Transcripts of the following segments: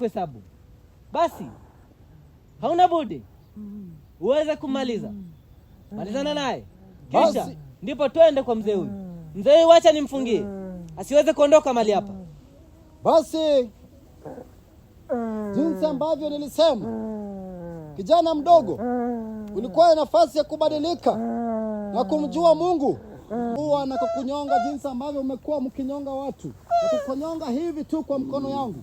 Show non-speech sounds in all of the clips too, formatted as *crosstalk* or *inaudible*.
kuhesabu, basi hauna budi uweze kumaliza malizana naye, kisha ndipo twende kwa mzee huyu. Mzee huyu wacha nimfungie asiweze kuondoka mali hapa. Basi jinsi ambavyo nilisema, kijana mdogo, ulikuwa na nafasi ya kubadilika na kumjua Mungu huwa na kukunyonga jinsi ambavyo umekuwa mkinyonga watu na kukunyonga hivi tu kwa mkono yangu.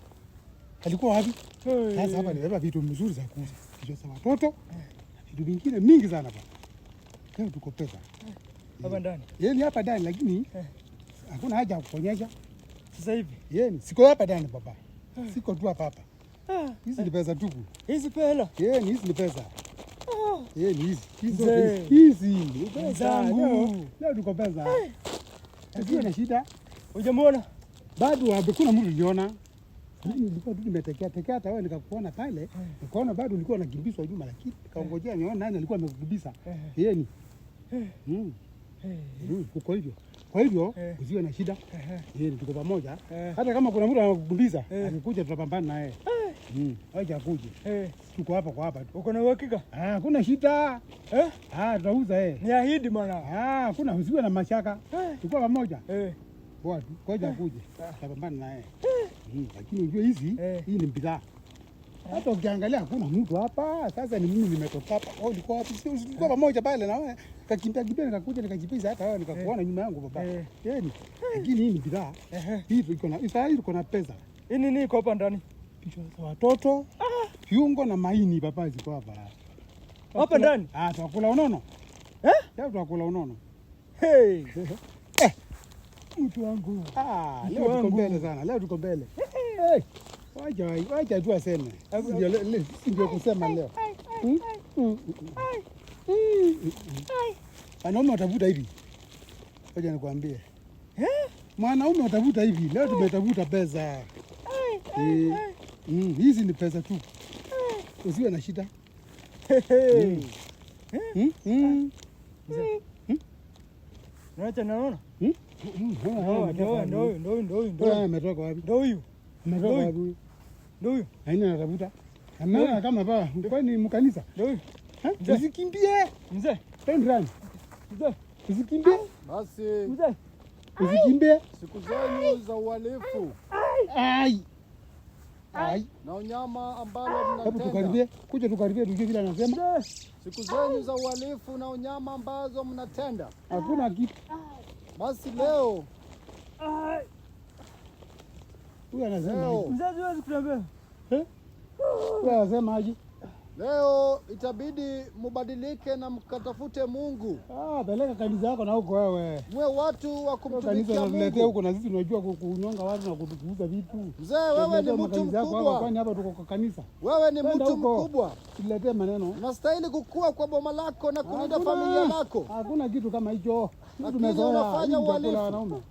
alikuwa wapi? Sasa hapa nibeba vitu mzuri za kuuza, kichwa za watoto na vitu vingine mingi sana bwana, tuko pesa hapa ndani. Yeye ni hapa ndani, lakini hakuna haja ya kuonyesha sasa hivi. Yeye yaani, siko hapa ndani baba, siko tu hapa hapa. Ah. Hizi ni pesa tuku. hizi yaani, pesa. Oh. Yeye yaani, ni hizi ni pesa yeye ni hizi hizi pesa zangu. Leo tuko pesa, sio na shida. Hujamwona bado? Hakuna mtu niona Yaani nilikuwa tu nimetekea tekea hata wewe nikakuona pale, eh. nikaona bado ulikuwa unakimbizwa nyuma, lakini nikaongojea nione nani alikuwa amekukimbiza. Eh. Yeni eh. mm. mm, uko hivyo. Kwa hivyo usiwe na shida, yeni, tuko pamoja. Hata kama kuna mtu anakukimbiza akikuja, tutapambana naye. Acha mm. akuje, tuko hapa kwa hapa tu. Uko na uhakika? Ah, kuna shida eh? Ah, tutauza eh. Ni ahidi mwana. Ah, kuna usiwe na mashaka, tuko pamoja. Eh. Bwana, ngoja akuje, ah. tutapambana naye lakini unajua hizi eh, hii ni bidhaa hata ukiangalia hakuna mtu hapa. Sasa ni mimi nimetoka hapa, au oh, ulikuwa wapi? Sio ulikuwa eh. pamoja pale na wewe, kakimbia kimbia, nikakuja nikajipiza, hata wewe nikakuona eh. nyuma yangu baba. Eh. Yaani, lakini hii ni bidhaa hii, iko na sasa, hii iko na pesa. Hii nini iko hapa ndani? Picha za watoto, ah. viungo na maini, baba, ziko hapa hapa ndani. Ah, tunakula unono eh, yaani tunakula unono hey *laughs* mtu wangu. Ah, leo tuko mbele sana, leo tuko mbele. Wacha wacha tu aseme, ndio kusema leo wanaume watavuta hivi. Wacha nikwambie, mwanaume watavuta hivi. Leo tumetavuta pesa eh. hmm, hizi, ni pesa tu, usiwe na shida. Hmm. Hmm? Naona Ametoka wapi? Ndio huyu ametoka wapi? Ndio huyu aina anatafuta amana kama paa, kwani mkanisa? Ndio huyu usikimbie mzee, pendran mzee, usikimbie basi mzee, usikimbie siku zenu za uhalifu ai ai na unyama ambalo mnatenda. Tukaribie kuja, tukaribie tujue vile anasema siku zenu za uhalifu na unyama ambazo mnatenda, hakuna kitu Masileo. Ay. Huyu anasema. Mzazi, huwezi kutembea. Eh? Huyu anasema aje? Leo itabidi mubadilike na mkatafute Mungu. Ah, peleka kanisa yako na huko wewe. Mwe watu wa kumtumikia Mungu. Huko na sisi tunajua kunyonga watu na kuuza vitu. Mzee wewe ni mtu mkubwa. Kwani hapa tuko kwa kanisa? Wewe ni mtu mkubwa. Tuletee maneno. Unastahili kukua kwa boma lako na kulinda familia yako. Hakuna kitu kama hicho. Lakini unafanya uhalifu.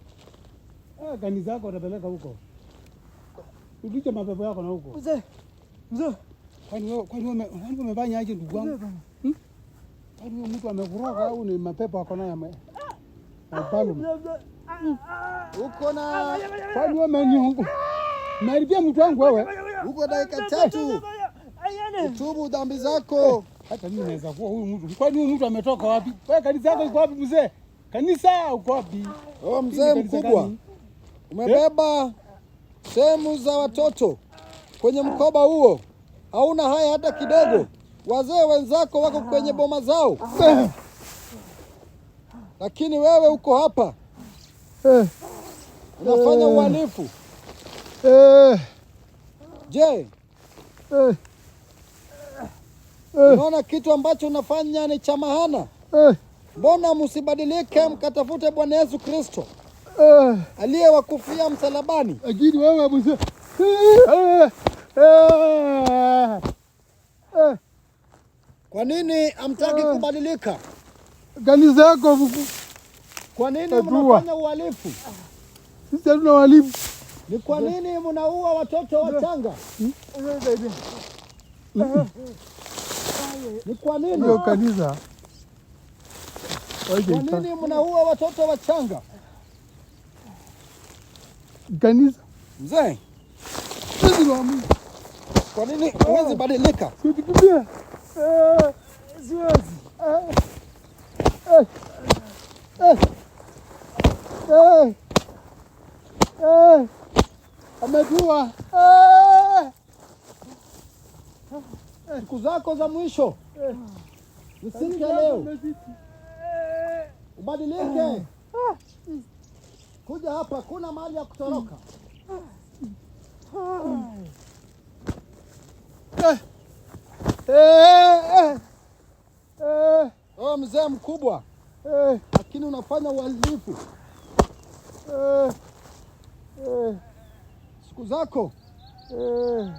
Eh, kanisa yako utapeleka huko. Uliche mapepo yako na huko. Mzee. Mzee. Kwani wewe kwani wewe umefanya aje ndugu wangu? Hmm? Kwani wewe mtu amekuroga au ni mapepo ako naye ame? Mapalum. Hmm. Uko na kwani wewe manyungu. Naharibia mtu wangu wewe. Uko dakika tatu. Tubu dhambi zako. Hata mimi naweza kuwa huyu mtu. Kwani huyu mtu ametoka wapi? Wewe kanisa yako iko wapi mzee? Kanisa uko wapi? Oh, mzee mkubwa. Umebeba eh? sehemu za watoto kwenye mkoba huo hauna haya hata kidogo. Wazee wenzako wako kwenye boma zao, lakini wewe uko hapa unafanya uhalifu. Je, unaona kitu ambacho unafanya ni cha maana? Mbona msibadilike mkatafute Bwana Yesu Kristo aliyewakufia msalabani? Lakini wewe Eh! Eh! Kwa nini hamtaki eh, kubadilika? Kanisa yako kwa nini eh, mnafanya uhalifu? Sisi hatuna uhalifu. Ni kwa nini mnaua watoto wachanga? Hmm? Ni kwa nini kanisa? Kwa nini mnaua watoto wachanga? Kanisa mzee wa kwa nini huwezi badilika? Sikimbia. Siwezi. Amejua siku zako za mwisho msingi eh. leo, ubadilike. Eh. Kuja hapa, kuna mahali ya kutoroka. Eh. Wewe eh, eh, eh, oh, mzee mkubwa, lakini unafanya uhalifu siku zako. eh.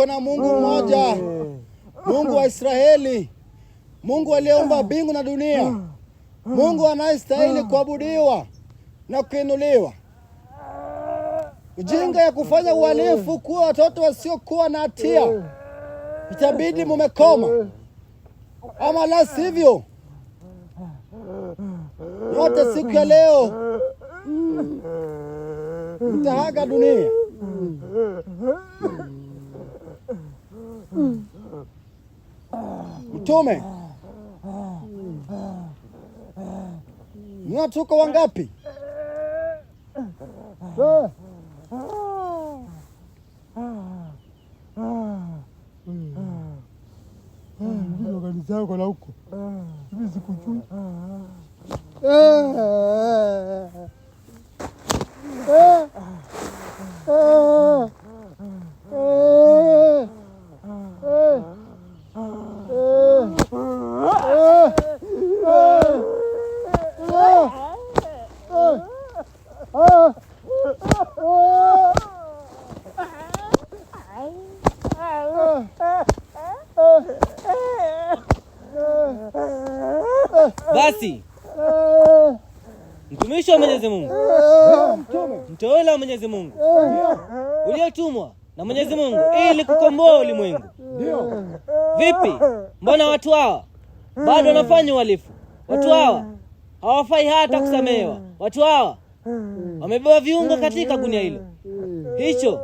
Tuko na Mungu mmoja, Mungu wa Israeli, Mungu aliyeumba mbingu na dunia, Mungu anayestahili kuabudiwa na kuinuliwa. Ujinga ya kufanya uhalifu kuwa watoto wasiokuwa na hatia, itabidi mumekoma, ama la sivyo yote siku ya leo mtahaga dunia. Mtume, watu uko wangapi? Eh. Mwenyezi Mungu eh. uliotumwa na Mwenyezi Mungu ili kukomboa ulimwengu. Vipi, eh. mbona watu hawa bado eh. wanafanya uhalifu? Watu hawa hawafai hata kusamehewa. Watu hawa wamebeba viungo katika gunia hilo. Hicho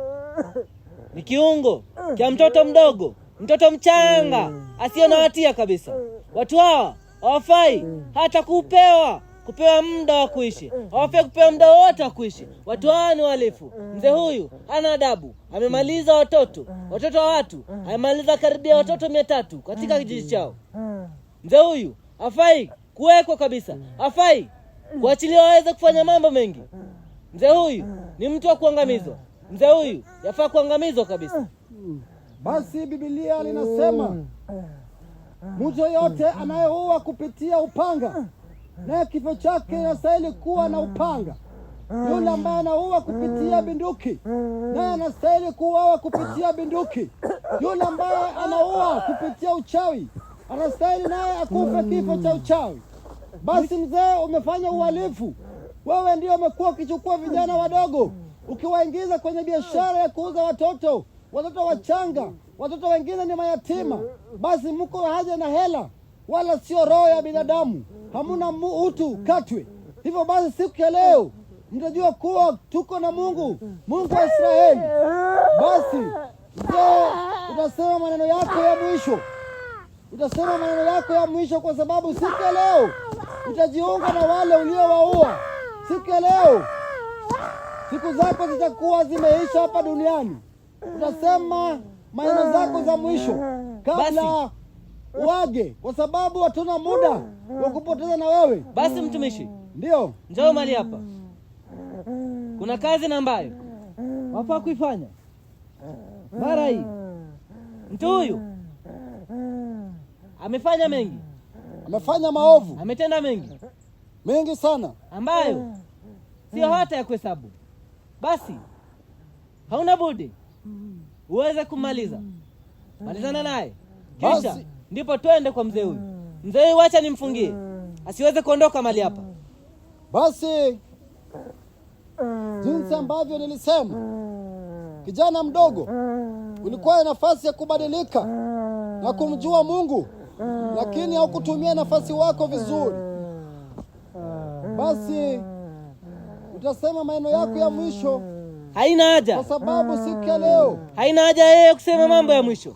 ni kiungo cha mtoto mdogo, mtoto mchanga asiye na hatia kabisa. Watu hawa hawafai hata kupewa kupewa muda wa kuishi, hawafai kupewa muda wowote wa kuishi. Watu hawa ni walifu Mzee huyu hana adabu, amemaliza watoto watoto wa watu, amemaliza karibia watoto mia tatu katika kijiji chao. Mzee huyu hafai kuwekwa kabisa, hafai kuachilia waweze kufanya mambo mengi. Mzee huyu ni mtu wa kuangamizwa. Mzee huyu yafaa kuangamizwa kabisa. Basi Biblia linasema mtu yoyote anayeua kupitia upanga naye kifo chake anastahili kuwa na upanga. Yule ambaye anaua kupitia binduki naye anastahili kuuawa kupitia binduki. Yule ambaye anaua kupitia uchawi anastahili naye akufe kifo cha uchawi. Basi mzee, umefanya uhalifu. Wewe ndiyo umekuwa ukichukua vijana wadogo ukiwaingiza kwenye biashara ya kuuza watoto, watoto wachanga, watoto wengine ni mayatima. Basi mko haja na hela wala sio roho ya binadamu, hamuna utu katwe. Hivyo basi siku ya leo mtajua kuwa tuko na Mungu, Mungu wa Israeli. Basi mzee, utasema maneno yako ya mwisho, utasema maneno yako ya mwisho, kwa sababu siku ya leo utajiunga na wale uliowaua. Siku ya leo siku zako zitakuwa zimeisha hapa duniani. Utasema maneno zako za mwisho kabla Basi wage, kwa sababu hatuna muda wa kupoteza na wewe. Basi mtumishi, ndio njoo mali hapa, kuna kazi na ambayo wafaa kuifanya mara hii. Mtu huyu amefanya mengi, amefanya maovu, ametenda mengi mengi sana, ambayo sio hata ya kuhesabu. Basi hauna budi uweze kumaliza malizana naye kisha ndipo twende kwa mzee huyu. Mzee huyu wacha nimfungie asiweze kuondoka mali hapa. Basi jinsi ambavyo nilisema, kijana mdogo, ulikuwa na nafasi ya kubadilika na kumjua Mungu, lakini haukutumia nafasi wako vizuri. Basi utasema maneno yako ya mwisho. Haina haja, kwa sababu siku ya leo haina haja yeye kusema mambo ya mwisho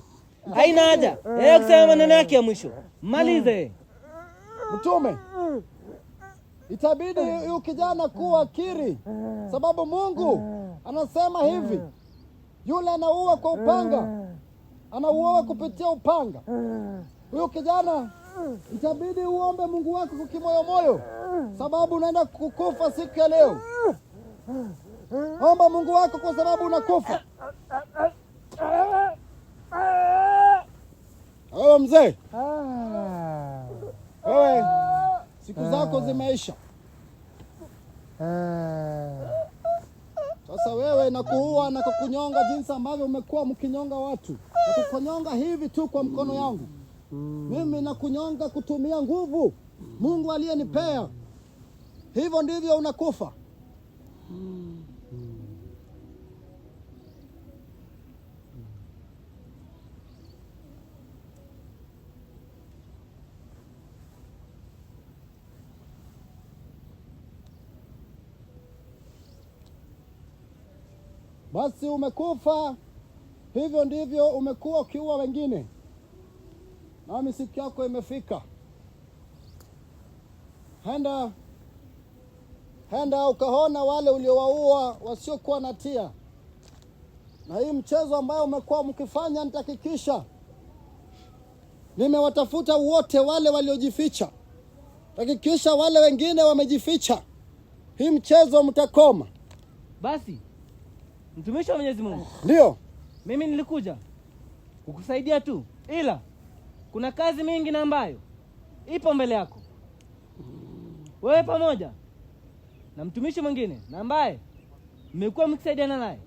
haina haja yeye kusema maneno yake ya mwisho. Malize mtume, itabidi huyu kijana kuwa akiri, sababu Mungu anasema hivi, yule anaua kwa upanga anauoa kupitia upanga. Huyu kijana itabidi uombe Mungu wako kwa kimoyomoyo, sababu unaenda kukufa siku ya leo. Omba Mungu wako kwa sababu unakufa. Ah. Wewe mzee, ah. wewe siku zako ah. zimeisha. Sasa wewe nakuua na kukunyonga jinsi ambavyo umekuwa mkinyonga watu, nakukunyonga hivi tu kwa mkono yangu hmm. mimi, nakunyonga kutumia nguvu Mungu aliyenipea. Hivyo ndivyo unakufa. Hmm. basi umekufa. Hivyo ndivyo umekuwa ukiua wengine, nami siku yako imefika. Henda henda ukaona wale uliowaua wasiokuwa na tia. Na hii mchezo ambayo umekuwa mkifanya, nitahakikisha nimewatafuta wote wale waliojificha, tahakikisha wale wengine wamejificha. Hii mchezo mtakoma basi. Mtumishi wa Mwenyezi Mungu, ndio mimi nilikuja kukusaidia tu, ila kuna kazi mingi na ambayo ipo mbele yako wewe pamoja na mtumishi mwingine na ambaye mmekuwa mkisaidiana naye.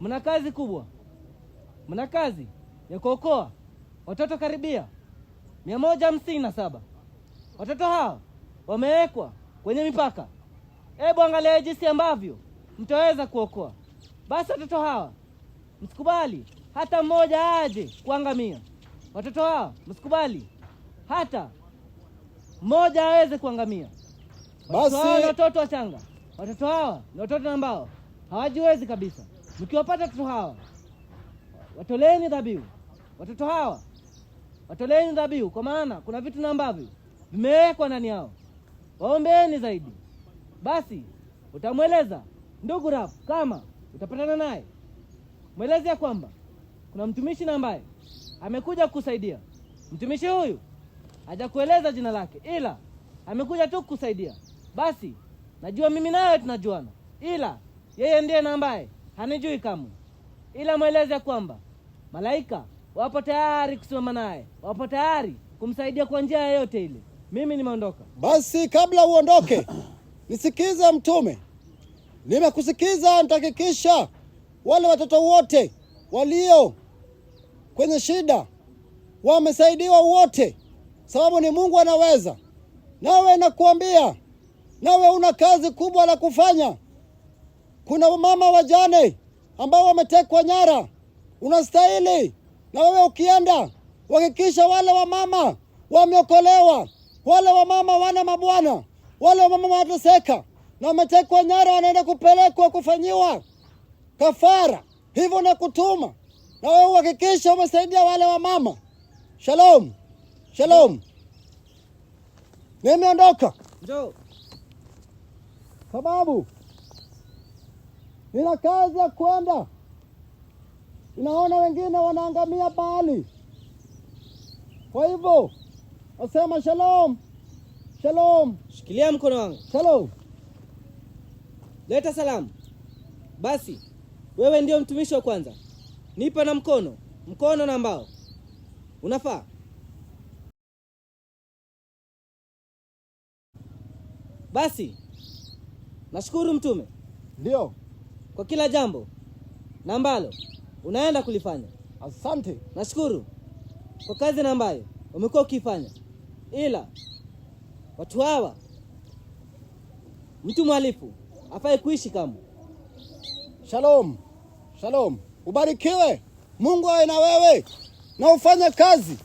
Mna kazi kubwa, mna kazi ya kuokoa watoto karibia mia moja hamsini na saba. Watoto hao wamewekwa kwenye mipaka. Hebu angalia jinsi ambavyo mtaweza kuokoa basi watoto hawa msikubali hata mmoja aje kuangamia. Watoto hawa msikubali hata mmoja aweze kuangamia. Basi hawa ni watoto wachanga, watoto hawa ni watoto ambao hawajiwezi kabisa. Mkiwapata watoto hawa, watoleeni dhabihu. Watoto hawa watoleeni dhabihu, kwa maana kuna vitu ambavyo vimewekwa ndani yao. Waombeeni zaidi. Basi utamweleza ndugu Rafu kama utapatana naye, mweleze ya kwamba kuna mtumishi na ambaye amekuja kukusaidia. Mtumishi huyu hajakueleza jina lake, ila amekuja tu kukusaidia. Basi najua mimi nawe tunajuana, ila yeye ndiye na ambaye hanijui kamwe, ila mweleze ya kwamba malaika wapo tayari kusimama naye, wapo tayari kumsaidia kwa njia yoyote ile. Mimi nimeondoka. Basi kabla uondoke, *clears throat* nisikize mtume Nimekusikiza, nitahakikisha wale watoto wote walio kwenye shida wamesaidiwa wote, sababu ni Mungu anaweza. Nawe nakuambia, nawe una kazi kubwa la kufanya. Kuna mama wajane ambao wametekwa nyara, unastahili na wewe ukienda, uhakikisha wale wamama wameokolewa, wale wamama wana mabwana, wale wamama wanateseka na matekwa nyara anaenda kupelekwa kufanyiwa kafara, hivyo na kutuma na wewe uhakikisha umesaidia wale wa mama. Shalom, shalom. Nimeondoka njoo, sababu nina kazi ya kwenda. Inaona wengine wanaangamia bali. kwa hivyo nasema shalom, shalom. Shikilia mkono wangu. Shalom leta salamu. Basi wewe ndiyo mtumishi wa kwanza, nipa na mkono, mkono na mbao unafaa. Basi nashukuru mtume, ndiyo kwa kila jambo na ambalo unaenda kulifanya. Asante. Nashukuru kwa kazi na ambayo umekuwa ukifanya ila watu hawa mtu mhalifu afai kuishi kama. Shalom, shalom, ubarikiwe. Mungu awe na wewe na ufanye kazi